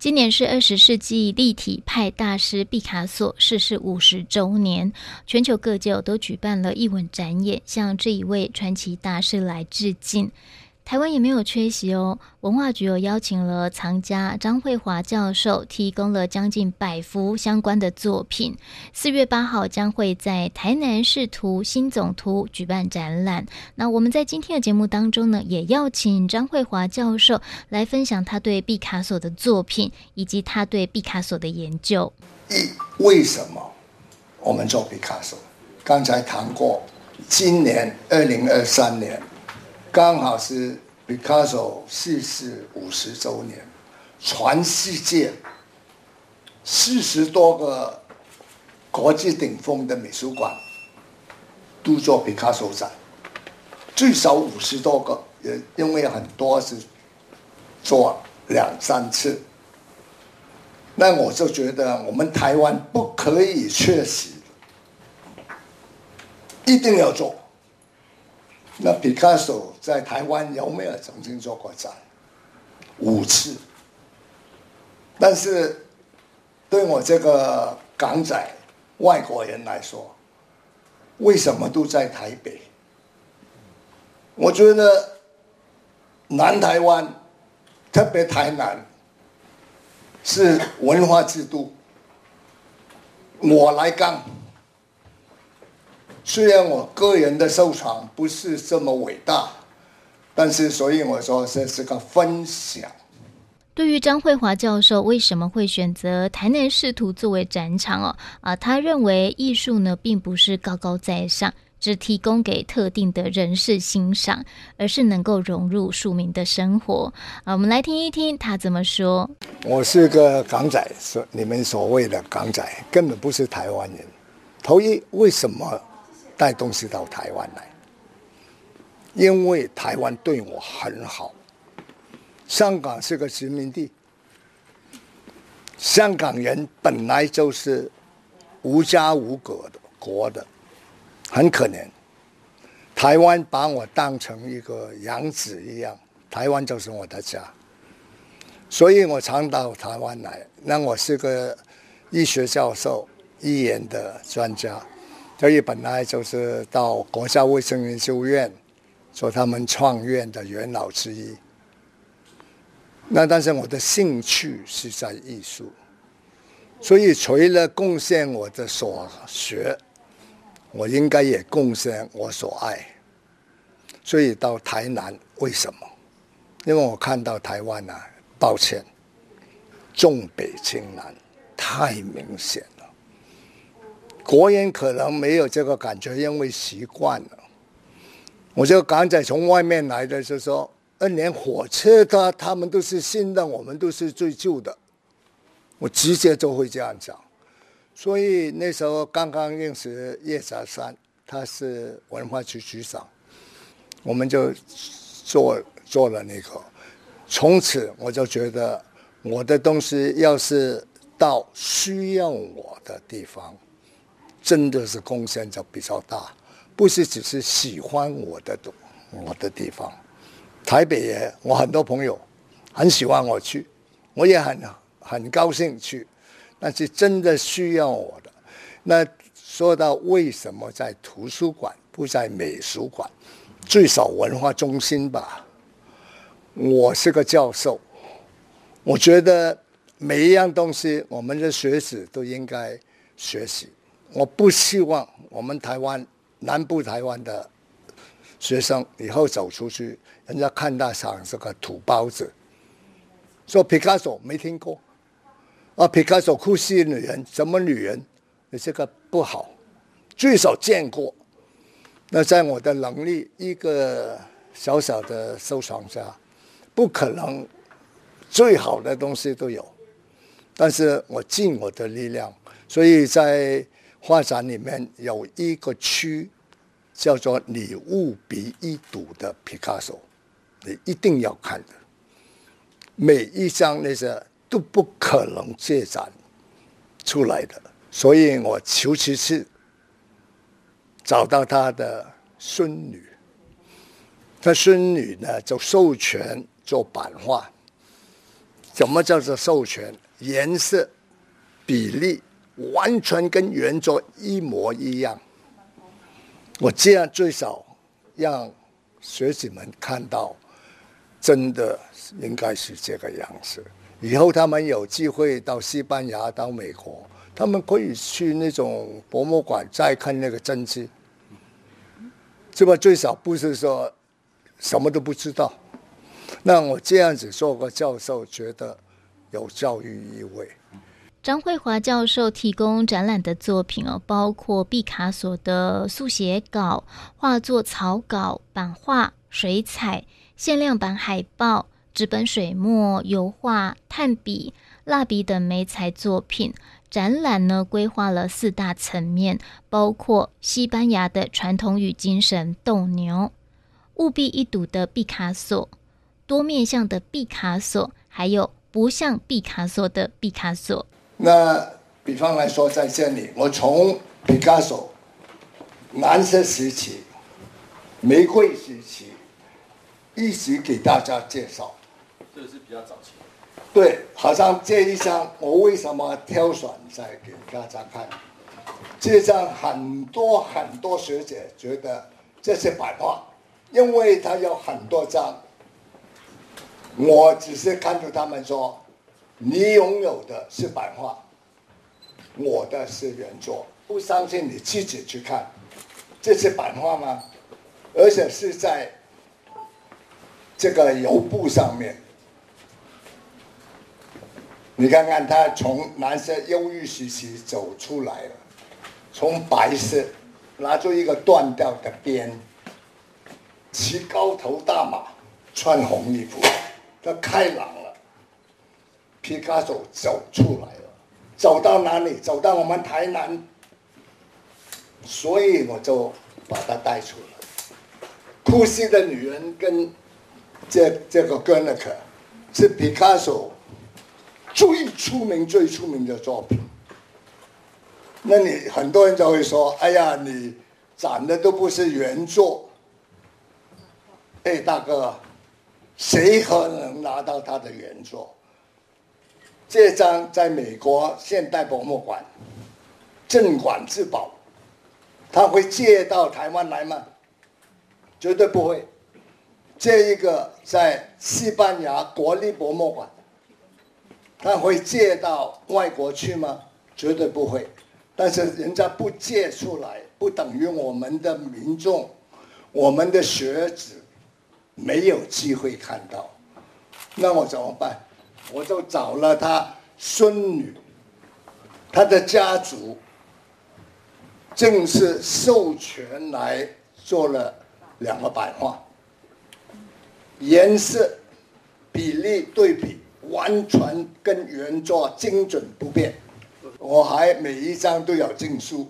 今年是二十世紀立體派大師畢卡索逝世五十周年，全球各界都舉辦了藝文展演，向這一位傳奇大師來致敬。台灣也沒有缺席哦，文化局又邀請了藏家張惠華教授，提供了將近百幅相關的作品。四月八號將會在台南市圖新總圖舉辦展覽。那我們在今天的節目當中呢，也邀請張惠華教授來分享他對畢卡索的作品以及他對畢卡索的研究。為什麼我們做畢卡索？剛才談過，今年二零二三年。剛好是畢卡索逝世五十周年，全世界四十多個國際頂峰的美術館都做畢卡索展，最少五十多個，也因為很多是做兩三次，那我就覺得我們台灣不可以缺席，一定要做。那畢卡索在台灣有沒有曾經做過展？五次。但是，對我這個港仔，外國人來說，為什麼都在台北？我覺得南台灣，特別台南，是文化之都，我來幹。雖然我個人的收藏不是這麼偉大，但是所以我說這是個分享。對於張惠華教授為什麼會選擇台南市圖作為展場哦？啊，他認為藝術呢，並不是高高在上，只提供給特定的人士欣賞，而是能夠融入庶民的生活啊。我們來聽一聽他怎麼說。我是個港仔，所你們所謂的港仔根本不是台灣人。頭一為什麼？帶東西到台灣來，因為台灣對我很好。香港是個殖民地，香港人本來就是無家無國的，國的很可憐。台灣把我當成一個養子一樣，台灣就是我的家，所以我常到台灣來。那我是個醫學教授，醫研的專家。所以本來就是到國家衛生研究院做他們創院的元老之一。那但是我的興趣是在藝術，所以除了貢獻我的所學，我應該也貢獻我所愛。所以到台南，為什麼？因為我看到台灣呢、啊，抱歉，重北輕南太明顯。國人可能沒有這個感覺，因為習慣了。我就剛才從外面來的就說，那連火車他他們都是新的，我們都是最舊的。我直接就會這樣講。所以那時候剛剛認識葉澤山，他是文化局局長，我們就做做了那個。從此我就覺得，我的東西要是到需要我的地方。真的是貢獻就比較大，不是只是喜歡我的東，我的地方，台北也，我很多朋友很喜歡我去，我也很很高興去，但是真的需要我的。那說到為什麼在圖書館，不在美術館，最少文化中心吧。我是個教授，我覺得每一樣東西我們的學子都應該學習。我不希望我們台灣南部台灣的學生以後走出去，人家看他像這個土包子，說畢卡索沒聽過，啊，畢卡索哭泣女人，什麼女人，你這個不好，最少見過。那在我的能力，一個小小的收藏家，不可能最好的東西都有，但是我盡我的力量，所以在。畫展裡面有一個區叫做“你務必一睹”的畢卡索，你一定要看的。每一張那些都不可能借展出來的，所以我求其次找到他的孫女。他孫女呢就授權做版畫。怎麼叫做授權？顏色、比例。完全跟原作一模一樣。我這樣最少讓學生們看到，真的應該是這個樣子。以後他們有機會到西班牙、到美國，他們可以去那種博物館再看那個真跡。這個最少不是說什麼都不知道。那我這樣子做個教授，覺得有教育意味。張惠華教授提供展覽的作品哦，包括畢卡索的速寫稿、畫作草稿、版畫、水彩、限量版海報、紙本水墨、油畫、炭筆、蠟筆等媒材作品。展覽呢規劃了四大層面，包括西班牙的傳統與精神、鬥牛、務必一睹的畢卡索、多面向的畢卡索，還有不像畢卡索的畢卡索。那比方來說，在這裡，我從畢加索藍色時期、玫瑰時期，一直給大家介紹。這是比較早期的。對，好像這一張，我為什麼挑選再給大家看？這張很多很多學姐覺得這是擺拍，因為他有很多張。我只是看着他們說。你擁有的是版畫，我的是原作。不相信你自己去看，這是版畫嗎？而且是在這個油布上面。你看看他從藍色憂鬱時期走出來了，從白色，拿出一個斷掉的鞭，騎高頭大馬，穿紅衣服，他開朗。畢卡索走出來了，走到哪裡？走到我們台南，所以我就把他帶出來。哭泣的女人跟這這個格爾尼卡，是畢卡索最出名、最出名的作品。那你很多人就會說：“哎呀，你展的都不是原作。”哎，大哥，誰可能拿到他的原作？這張在美國現代博物館鎮館之寶，他會借到台灣來嗎？絕對不會。這一個在西班牙國立博物館，他會借到外國去嗎？絕對不會。但是人家不借出來，不等於我們的民眾、我們的學子沒有機會看到。那我怎麼辦？我就找了他孫女，他的家族正式授權來做了兩個版畫，顏色、比例對比完全跟原作精準不變，我還每一張都有證書。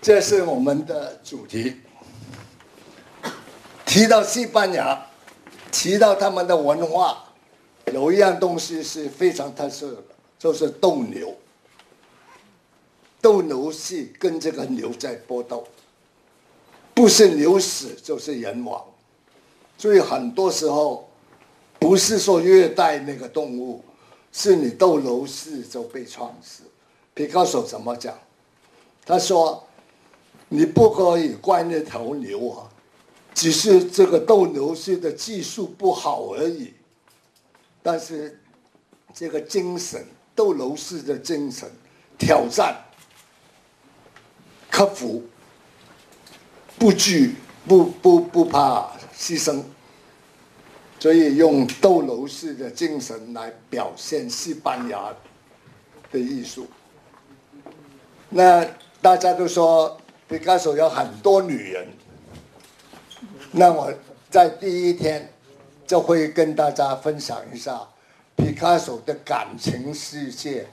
這是我們的主題，提到西班牙，提到他們的文化。有一樣東西是非常特色的，就是鬥牛。鬥牛士跟這個牛在搏鬥，不是牛死就是人亡。所以很多時候，不是說虐待那個動物，是你鬥牛士就被創死。畢卡索怎麼講？他說：“你不可以怪那頭牛啊，只是這個鬥牛士的技術不好而已。”但是，這個精神，鬥牛士的精神，挑戰、克服、不懼、不不不怕犧牲，所以用鬥牛士的精神來表現西班牙的藝術。那大家都說，畢加索有很多女人。那我在第一天。就會跟大家分享一下畢卡索的感情世界。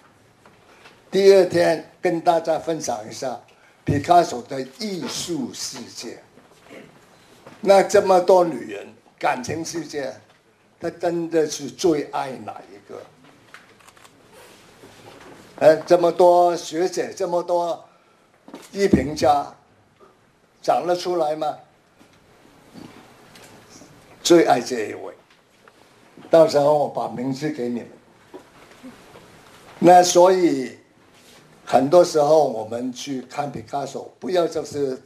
第二天跟大家分享一下畢卡索的藝術世界。那這麼多女人感情世界，他真的是最愛哪一個？哎，這麼多學姐，這麼多藝評家，講得出來嗎？最愛這一位，到時候我把名字給你們。那所以，很多時候我們去看畢卡索，不要就是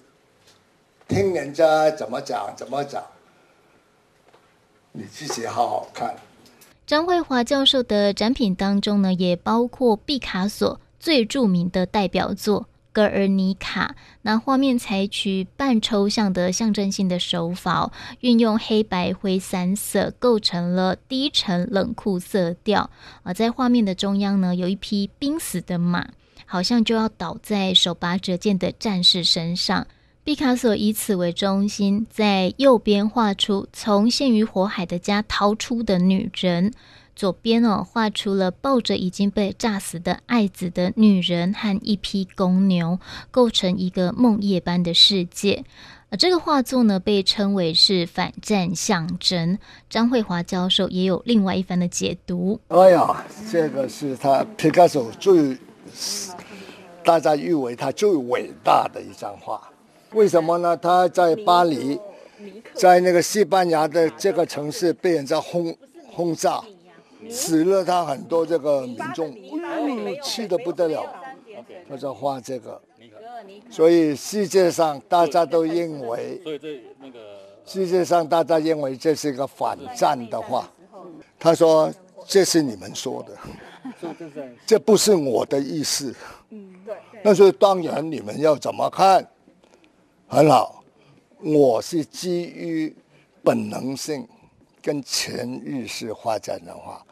聽人家怎麼講，怎麼講，你自己好好看。張惠華教授的展品當中呢，也包括畢卡索最著名的代表作。格爾尼卡》那畫面採取半抽象的象徵性的手法，運用黑白灰三色，構成了低沉冷酷色調。而、呃、在畫面的中央呢，有一匹瀕死的馬，好像就要倒在手拔折劍的戰士身上。畢卡索以此為中心，在右邊畫出從陷於火海的家逃出的女人。左邊哦，畫出了抱着已經被炸死的愛子的女人和一批公牛，構成一個夢夜般的世界。而這個畫作呢，被稱為是反戰象徵。張惠華教授也有另外一番的解讀。哎呀，這個是他畢卡索最大家譽為他最偉大的一張畫。為什麼呢？他在巴黎，在那個西班牙的這個城市被人家轟轟炸。死了他很多這個民眾，嗯，氣得不得了。他就畫這個，所以世界上大家都認為、為、那個，世界上大家認為這是一個反戰的話、嗯。他說：“這是你們說的，這不是我的意思。”嗯，對。那所以當然，你們要怎麼看？很好，我是基於本能性跟潛意識發展的話。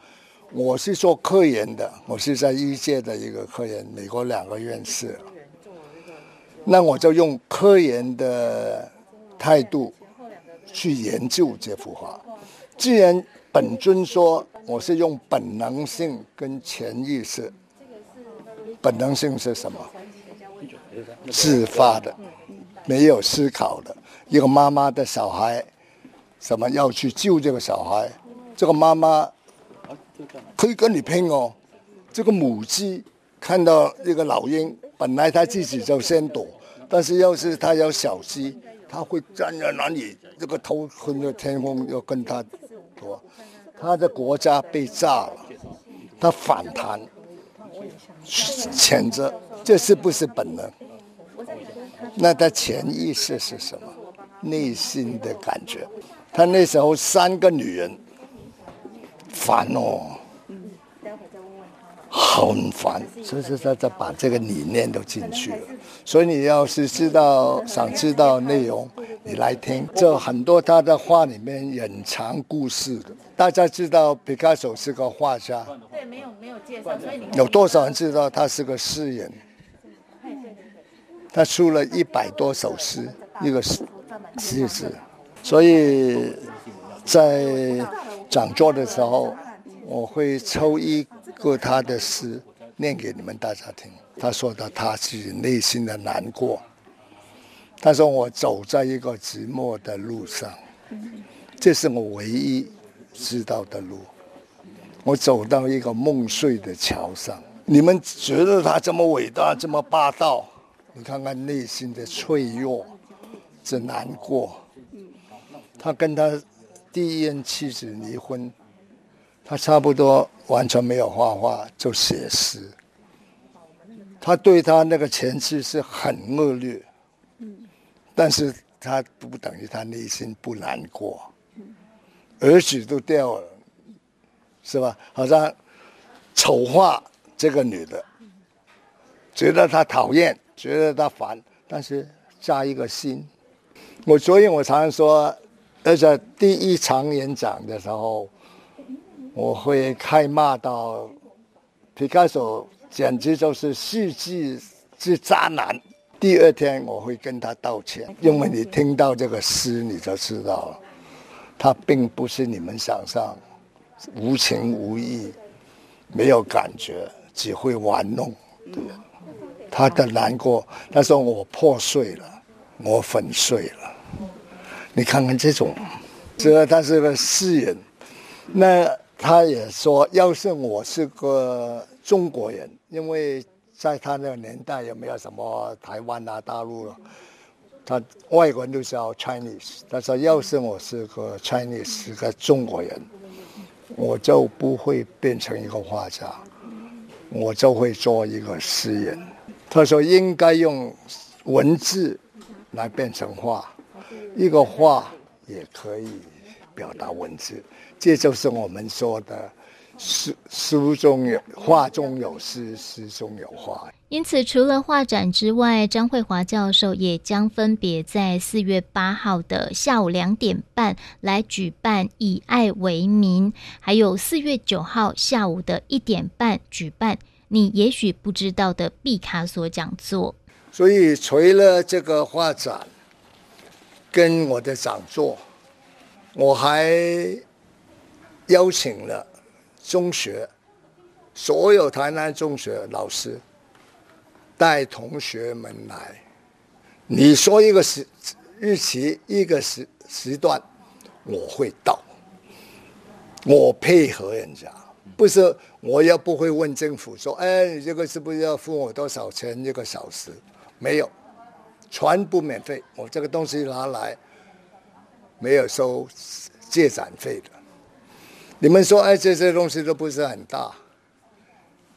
我是做科研的，我是在業界的一個科研，美國兩個院士。那我就用科研的態度去研究這幅畫。既然本尊說我是用本能性跟潛意識，本能性是什麼？自發的，沒有思考的。一個媽媽的小孩，什麼要去救這個小孩？這個媽媽。可以跟你拼哦！這個母雞看到一個老鷹，本來它自己就先躲，但是要是它有小雞，它會站在那裡，這個頭衝著天空要跟它躲。它的國家被炸了，它反彈，譴責，這是不是本能？那它潛意識是什麼？內心的感覺？它那時候三個女人。煩哦，待會再問問他。很煩，他就把這個理念都進去了。所以你要是知道，想知道內容，你來聽。這很多他的畫裡面隱藏故事的。大家知道畢卡索是個畫家，對，沒有沒有介紹，所以你們有多少人知道他是個詩人？他出了一百多首詩，一個詩，詩詞。所以在。講座的時候，我會抽一個他的詩念給你們大家聽。他說的他自己內心的難過。他說：“我走在一個寂寞的路上，這是我唯一知道的路。我走到一個夢碎的橋上。你們覺得他這麼偉大，這麼霸道？你看看內心的脆弱，這難過。他跟他。”第一任妻子離婚，他差不多完全沒有畫畫，就寫詩。他對他那個前妻是很惡劣，但是他不等於他內心不難過，兒子都掉了，是吧？好像醜化這個女的，覺得她討厭，覺得她煩，但是加一個心。我所以，我常常說。而且第一場演講的時候，我會開罵到，畢卡索簡直就是世紀之渣男。第二天我會跟他道歉，因為你聽到這個詩，你就知道，他並不是你們想象，無情無義、沒有感覺、只會玩弄的人。他的難過，他說我破碎了，我粉碎了。你看看這種，這他是個詩人，那他也說，要是我是個中國人，因為在他那個年代也沒有什麼台灣啊、大陸了啊，他外國人都叫 Chinese，他說，要是我是個 Chinese，是個中國人，我就不會變成一個畫家，我就會做一個詩人。他說，應該用文字來變成畫。一個畫也可以表達文字，這就是我們說的“書書中有畫，畫中有詩，詩中有畫”。因此，除了畫展之外，張惠華教授也將分別在四月八號的下午兩點半來舉辦“以愛為名”，還有四月九號下午的一點半舉辦“你也許不知道的畢卡索講座”。所以，除了這個畫展。跟我的講座，我還邀請了中學所有台南中學老師帶同學們來。你說一個時日期，一個時時段，我會到，我配合人家。不是，我也不會問政府說：“哎，你這個是不是要付我多少錢一個小時？”沒有。全部免費，我這個東西拿來沒有收借展費的。你們說，哎，這些東西都不是很大，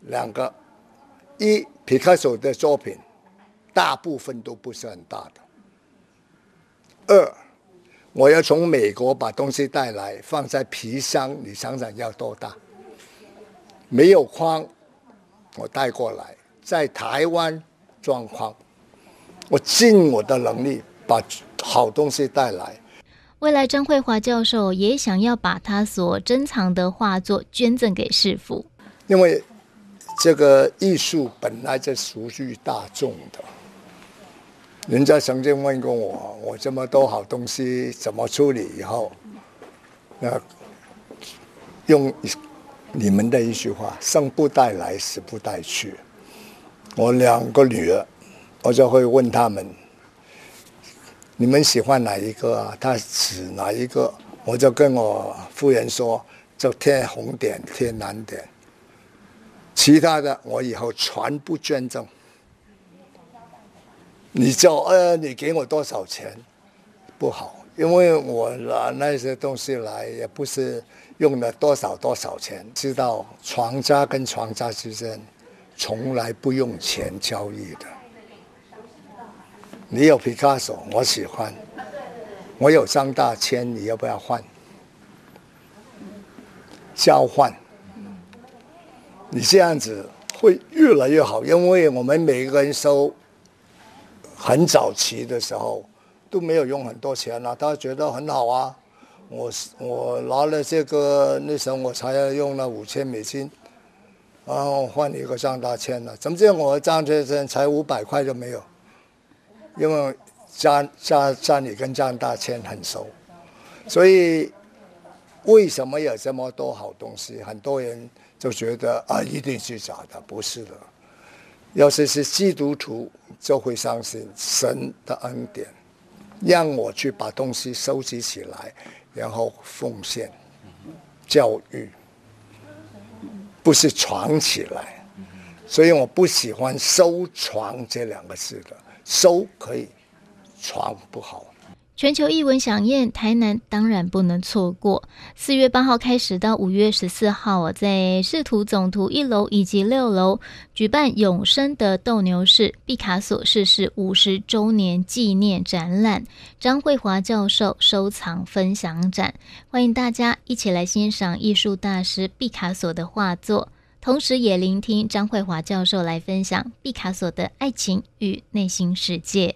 兩個，一，畢卡索的作品大部分都不是很大的。二，我要從美國把東西帶來，放在皮箱，你想想要多大？沒有框，我帶過來，在台灣裝框。我盡我的能力把好東西帶來。未來，張惠華教授也想要把他所珍藏的畫作捐贈給市府，因為這個藝術本來是屬於大眾的。人家曾經問過我，我這麼多好東西怎麼處理？以後那用你們的一句話，生不帶來，死不帶去。我兩個女兒。我就會問他們：“你們喜歡哪一個啊？他指哪一個？”我就跟我夫人說：“就貼紅點，貼藍點，其他的我以後全部捐贈。你”你叫呃，你給我多少錢？不好，因為我拿那些東西來也不是用了多少多少錢。知道，藏家跟藏家之間從來不用錢交易的。你有畢卡索，我喜歡。我有張大千，你要不要換？交換。你這樣子會越來越好，因為我們每一個人收很早期的時候都沒有用很多錢了、啊，他覺得很好啊。我我拿了這個，那時候我才用了五千美金，然後換了一個張大千了、啊。怎麼見我張先生才五百塊都沒有？因為家家家裡跟張大千很熟，所以為什麼有這麼多好東西？很多人就覺得啊，一定是假的，不是的。要是是基督徒，就會相信神的恩典，讓我去把東西收集起來，然後奉獻教育，不是藏起來。所以我不喜歡“收藏”這兩個字的。收可以，傳不好。全球藝文飨宴，台南當然不能錯過。四月八號開始到五月十四號，我在市圖總圖一樓以及六樓舉辦永生的鬥牛士畢卡索逝世五十周年紀念展覽，張惠華教授收藏分享展，歡迎大家一起來欣賞藝術大師畢卡索的畫作。同時，也聆聽張惠華教授來分享畢卡索的愛情與內心世界。